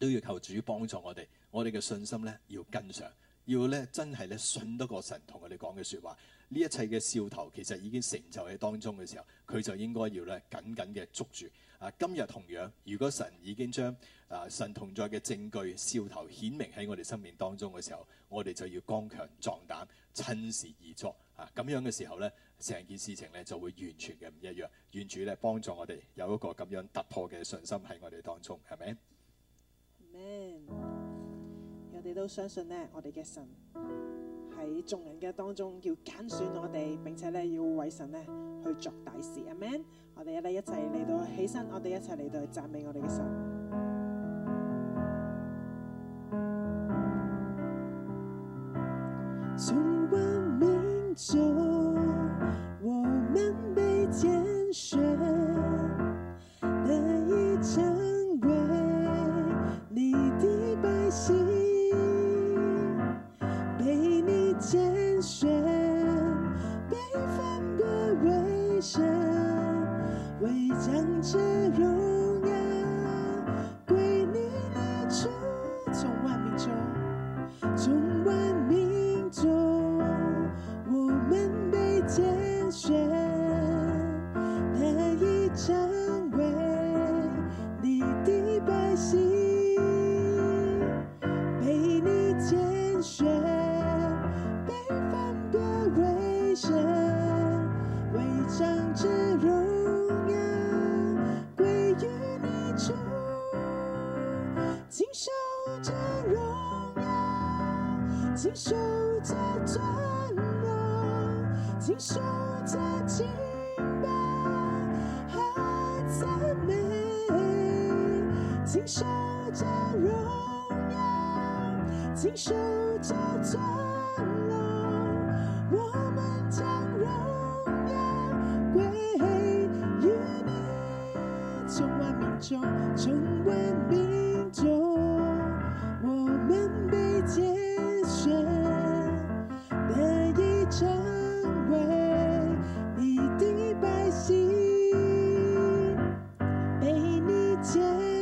都要求主幫助我哋，我哋嘅信心咧要跟上，要咧真係咧信得過神同我哋講嘅說話，呢一切嘅兆頭其實已經成就喺當中嘅時候，佢就應該要咧緊緊嘅捉住啊。今日同樣，如果神已經將啊神同在嘅證據兆頭顯明喺我哋生命當中嘅時候，我哋就要剛強壯膽趁時而作啊。咁樣嘅時候咧，成件事情咧就會完全嘅唔一樣，願主咧幫助我哋有一個咁樣突破嘅信心喺我哋當中，係咪？我哋都相信呢，我哋嘅神喺眾人嘅當中要揀選我哋，並且呢，要為神呢去做大事。阿門，我哋一齊嚟到起身，我哋一齊嚟到去讚美我哋嘅神。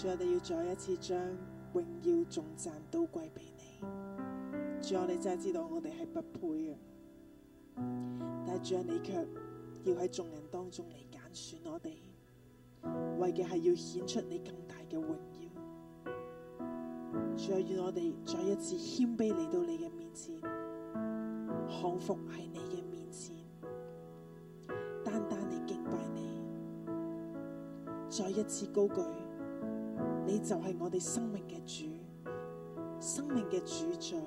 主，有我哋要再一次將榮耀頌讚，都歸俾你。主，我哋真係知道我哋係不配嘅，但係主啊，你卻要喺眾人當中嚟揀選我哋，為嘅係要顯出你更大嘅榮耀。主啊，願我哋再一次謙卑嚟到你嘅面前，降服喺你嘅面前，單單嚟敬拜你，再一次高舉。你就係我哋生命嘅主，生命嘅主宰，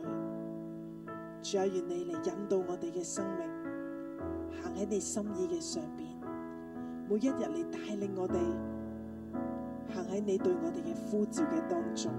主啊，願你嚟引導我哋嘅生命，行喺你心意嘅上邊，每一日嚟帶領我哋，行喺你對我哋嘅呼召嘅當中。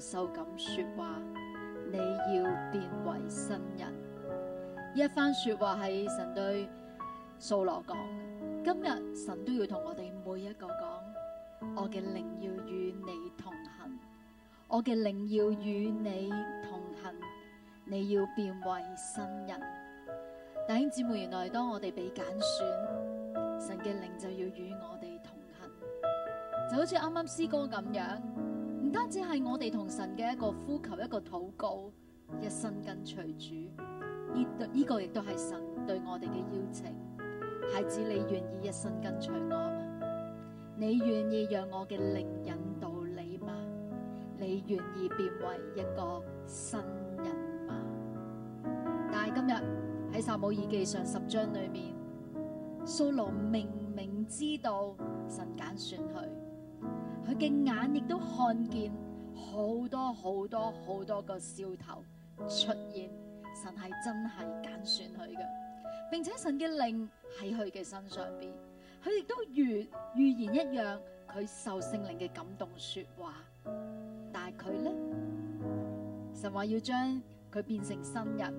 受感說話，你要變為新人。一番說話係神對掃羅講。今日神都要同我哋每一個講，我嘅靈要與你同行，我嘅靈要與你同行。你要變為新人。弟兄姊妹，原來當我哋被揀選，神嘅靈就要與我哋同行，就好似啱啱詩歌咁樣。唔單止係我哋同神嘅一個呼求，一個禱告，一生跟隨主，呢、這個亦都係神對我哋嘅邀請。孩子，你願意一生跟隨我嗎？你願意讓我嘅靈引導你嗎？你願意變為一個新人嗎？但係今日喺撒母耳記上十章裏面，掃羅明明知道神揀選佢。佢嘅眼亦都看見好多好多好多個兆頭出現，神係真係揀選佢嘅。並且神嘅靈喺佢嘅身上邊，佢亦都如預言一樣，佢受聖靈嘅感動說話。但係佢咧，神話要將佢變成新人，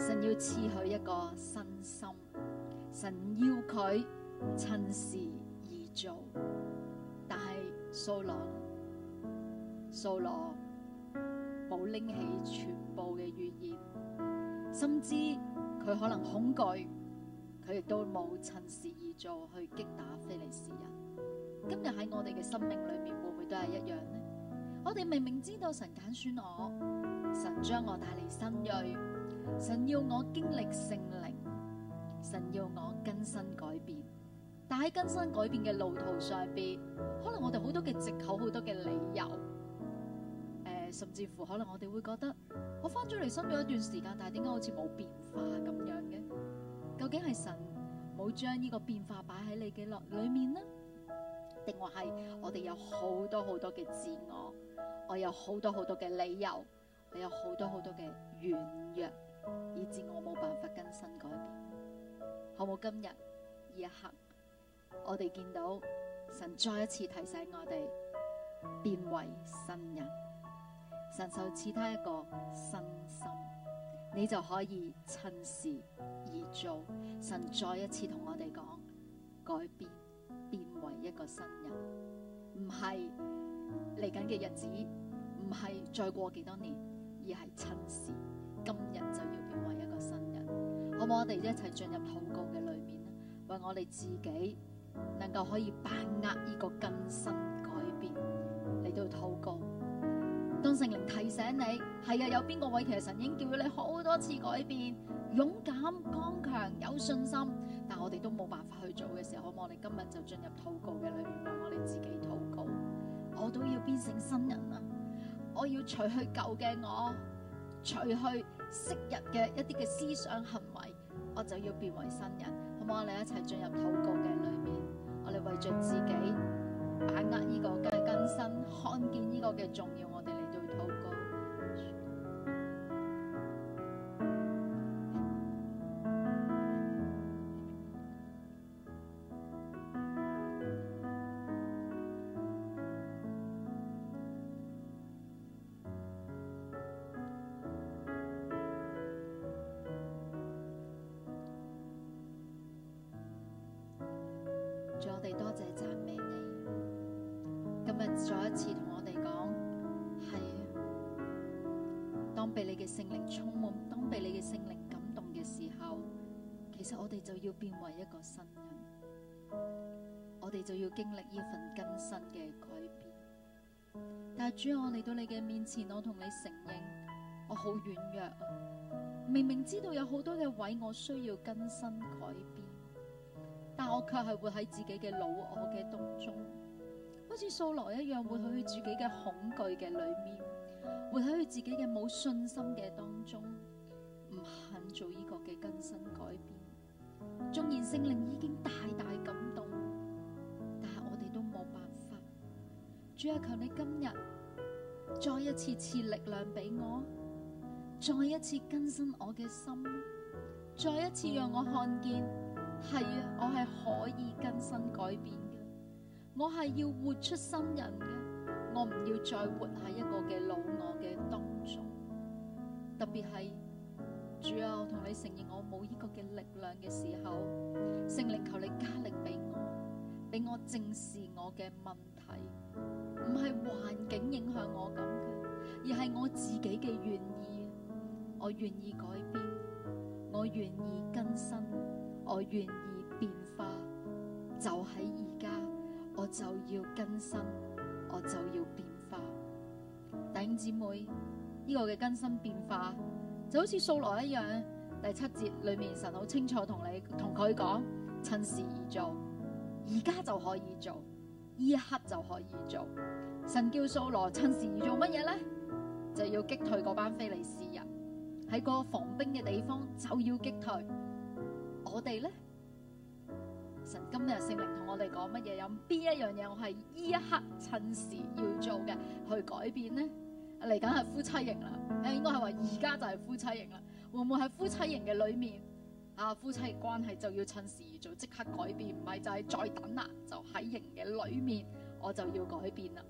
神要賜佢一個新心，神要佢趁時而做。掃羅，掃羅冇拎起全部嘅預言，甚至佢可能恐懼，佢亦都冇趁時而做去擊打非利士人。今日喺我哋嘅生命裏面，會唔會都係一樣呢？我哋明明知道神揀選我，神將我帶嚟新銳，神要我經歷聖靈，神要我更新改變。但喺更新改變嘅路途上邊，可能我哋好多嘅借口，好多嘅理由，誒、呃，甚至乎可能我哋會覺得，我翻咗嚟深咗一段時間，但係點解好似冇變化咁樣嘅？究竟係神冇將呢個變化擺喺你嘅內裏面呢？定話係我哋有好多好多嘅自我，我有好多好多嘅理由，我有好多好多嘅軟弱，以至我冇辦法更新改變。好冇今日呢一刻。我哋見到神再一次提醒我哋變為新人，神就賜他一個新心，你就可以趁時而做。神再一次同我哋講，改變變為一個新人，唔係嚟緊嘅日子，唔係再過幾多年，而係趁時，今日就要變為一個新人。好唔好？我哋一齊進入禱告嘅裏面啦，為我哋自己。能夠可以把握呢個更新改變嚟到禱告，當聖靈提醒你係啊，有邊個位其實神已經叫咗你好多次改變，勇敢剛強有信心，但我哋都冇辦法去做嘅時候，希望我哋今日就進入禱告嘅裏面，我哋自己禱告，我都要變成新人啦，我要除去舊嘅我，除去昔日嘅一啲嘅思想行為，我就要變為新人，好冇？我哋一齊進入禱告嘅裏面。為著自己把握呢個家嘅更新，看見呢個嘅重要，我 哋。再一次同我哋講，係啊，當被你嘅聖靈充滿，當被你嘅聖靈感動嘅時候，其實我哋就要變為一個新人，我哋就要經歷呢份更新嘅改變。但係主啊，我嚟到你嘅面前，我同你承認，我好軟弱啊！明明知道有好多嘅位我需要更新改變，但我卻係會喺自己嘅老我嘅當中。好似掃羅一樣活喺佢自己嘅恐懼嘅裏面，活喺佢自己嘅冇信心嘅當中，唔肯做呢個嘅更新改變。縱然聖靈已經大大感動，但係我哋都冇辦法。主啊，求你今日再一次賜力量俾我，再一次更新我嘅心，再一次讓我看見，係啊，我係可以更新改變。我係要活出新人嘅，我唔要再活喺一個嘅老我嘅當中。特別係主要同你承認我冇呢個嘅力量嘅時候，聖靈求你加力俾我，俾我正視我嘅問題，唔係環境影響我咁嘅，而係我自己嘅願意。我願意改變，我願意更新，我願意變化，就喺而家。我就要更新，我就要變化。弟兄姊妹，呢、這個嘅更新變化就好似掃羅一樣，第七節裏面神好清楚同你同佢講，趁時而做，而家就可以做，呢一刻就可以做。神叫掃羅趁時而做乜嘢咧？就要擊退嗰班非利士人，喺個防兵嘅地方就要擊退。我哋咧？今日聖靈同我哋講乜嘢？有邊一樣嘢我係依一刻趁時要做嘅去改變呢？嚟緊係夫妻營啦，誒，應該係話而家就係夫妻營啦。會唔會喺夫妻營嘅裏面啊？夫妻嘅關係就要趁時做即刻改變，唔係就係再等啦。就喺營嘅裏面，我就要改變啦。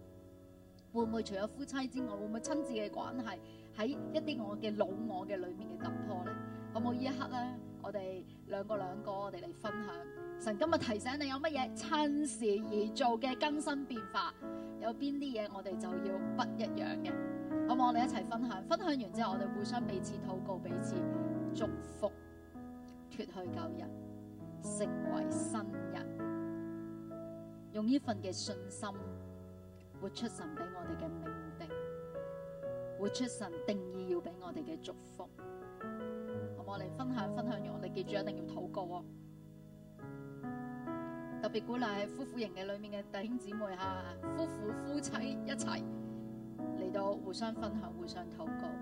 會唔會除咗夫妻之外，會唔會親子嘅關係喺一啲我嘅老我嘅裏面嘅突破呢？有冇依一刻咧？我哋兩個兩個，我哋嚟分享。神今日提醒你有乜嘢趁事而做嘅更新變化，有邊啲嘢我哋就要不一樣嘅。咁我哋一齊分享，分享完之後我哋互相彼此禱告，彼此祝福，脫去舊人，成為新人，用呢份嘅信心活出神俾我哋嘅命定，活出神定義要俾我哋嘅祝福。我嚟分享分享完，我哋記住一定要禱告啊！特別鼓勵夫婦型嘅裏面嘅弟兄姊妹吓，夫婦夫妻一齊嚟到互相分享，互相禱告。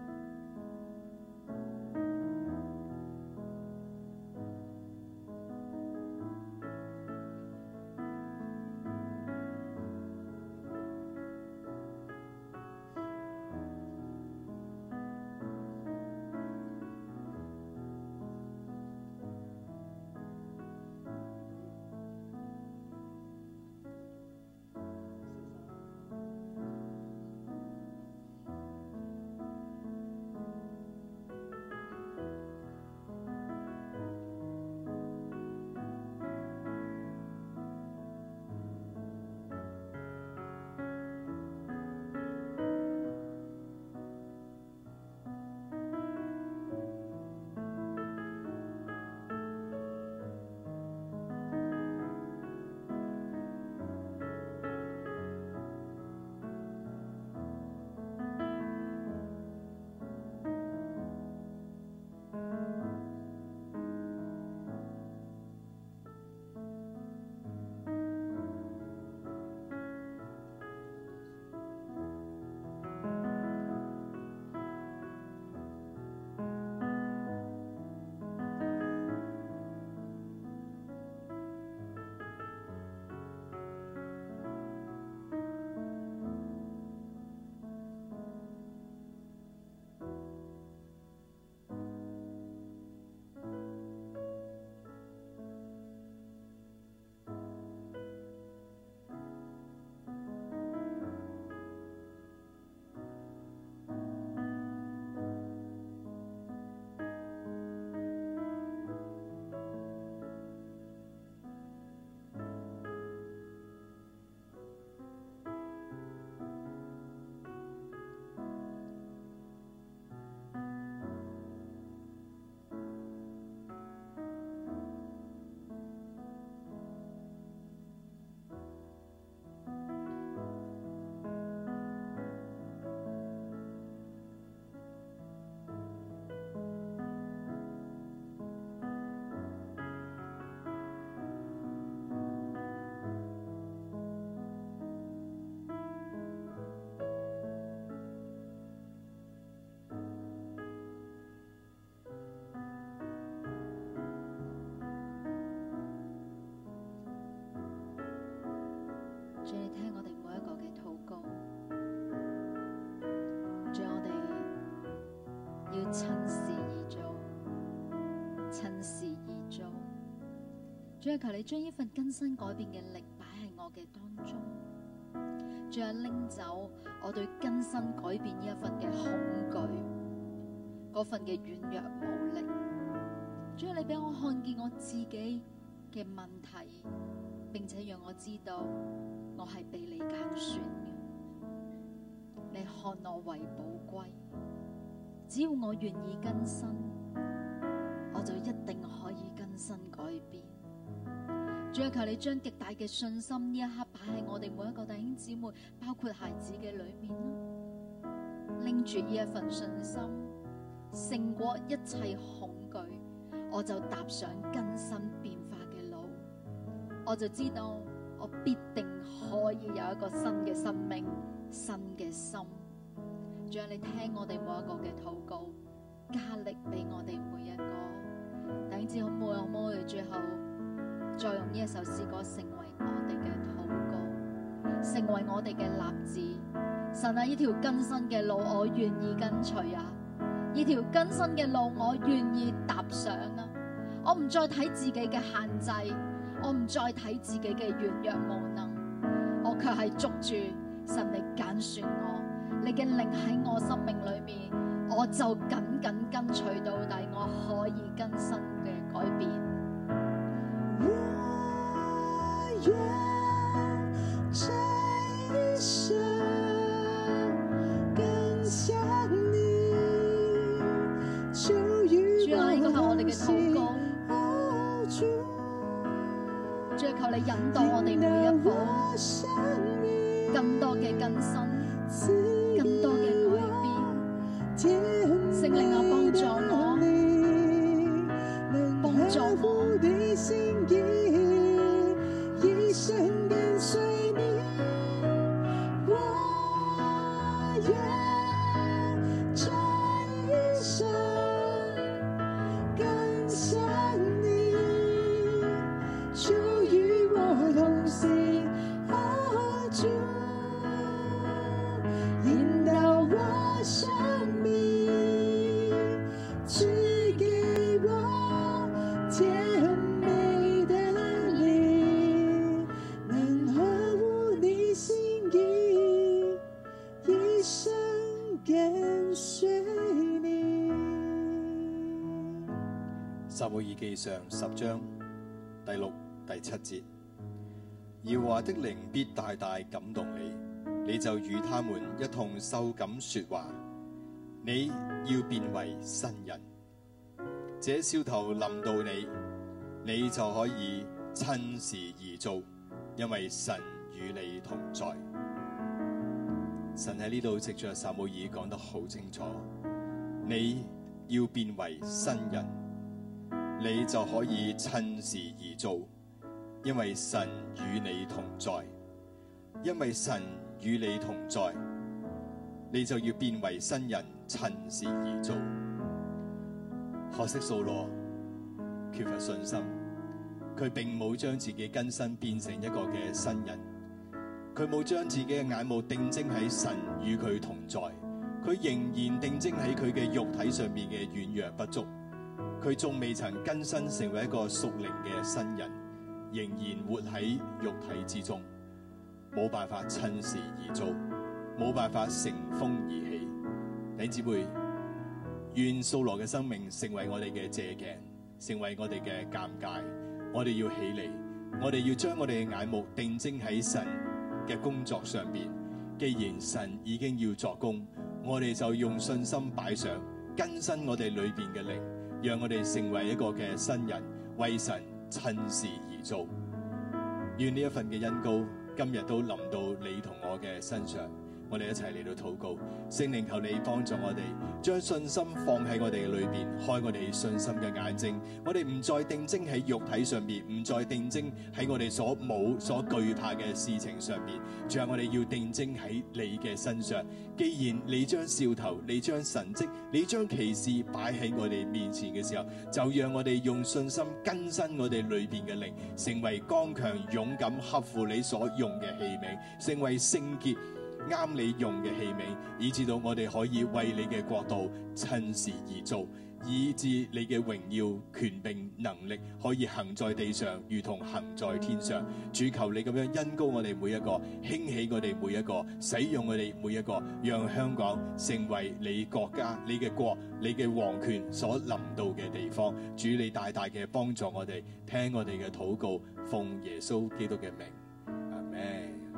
仲你聽我哋每一個嘅禱告，仲有，我哋要趁時而做，趁時而做。仲要求你將呢份更新改變嘅力擺喺我嘅當中，仲有拎走我對更新改變呢一份嘅恐懼，嗰份嘅軟弱無力。仲要你俾我看見我自己嘅問題，並且讓我知道。我係被你揀選嘅，你看我為寶貴，只要我願意更新，我就一定可以更新改變。主求你將極大嘅信心呢一刻擺喺我哋每一個弟兄姊妹，包括孩子嘅裏面啦，拎住呢一份信心，勝過一切恐懼，我就踏上更新變化嘅路，我就知道我必定。可以有一個新嘅生命、新嘅心，仲有你聽我哋每一個嘅禱告，加力俾我哋每一個，等至好磨又磨，最後再用呢一首詩歌成為我哋嘅禱告，成為我哋嘅立志。神啊，呢條更新嘅路，我願意跟隨啊！呢條更新嘅路，我願意踏上啊！我唔再睇自己嘅限制，我唔再睇自己嘅軟弱無能。我卻係捉住神力揀選我，你嘅靈喺我生命裏面，我就緊緊跟隨到底，我可以更新嘅改變。追求你引導我哋每一步。更多嘅更新，更多嘅改變，聖靈啊！記上十章第六、第七節，耶和華的靈必大大感動你，你就與他們一同受感說話。你要變為新人，這兆頭臨到你，你就可以趁時而做，因為神與你同在。神喺呢度藉着撒母耳講得好清楚，你要變為新人。你就可以趁時而做，因為神與你同在，因為神與你同在，你就要變為新人，趁時而做。可惜掃羅缺乏信心，佢並冇將自己更新變成一個嘅新人，佢冇將自己嘅眼目定睛喺神與佢同在，佢仍然定睛喺佢嘅肉體上面嘅軟弱不足。佢仲未曾更新成為一個屬靈嘅新人，仍然活喺肉體之中，冇辦法趁時而做，冇辦法乘風而起。弟兄姊妹，願掃羅嘅生命成為我哋嘅借鏡，成為我哋嘅鑑戒。我哋要起嚟，我哋要將我哋嘅眼目定睛喺神嘅工作上邊。既然神已經要作工，我哋就用信心擺上更新我哋裏邊嘅靈。讓我哋成為一個嘅新人，為神趁時而做，願呢一份嘅恩膏今日都臨到你同我嘅身上。我哋一齊嚟到禱告，聖靈求你幫助我哋，將信心放喺我哋裏邊，開我哋信心嘅眼睛。我哋唔再定睛喺肉體上面，唔再定睛喺我哋所冇、所懼怕嘅事情上面，而係我哋要定睛喺你嘅身上。既然你將笑頭、你將神蹟、你將奇事擺喺我哋面前嘅時候，就讓我哋用信心更新我哋裏邊嘅靈，成為剛強、勇敢、合乎你所用嘅器皿，成為聖潔。啱你用嘅器皿，以至到我哋可以為你嘅國度趁時而做，以致你嘅榮耀權柄能力可以行在地上，如同行在天上。主求你咁樣恩膏我哋每一個，興起我哋每一個，使用我哋每一個，讓香港成為你國家、你嘅國、你嘅王權所臨到嘅地方。主你大大嘅幫助我哋，聽我哋嘅禱告，奉耶穌基督嘅名，Amen。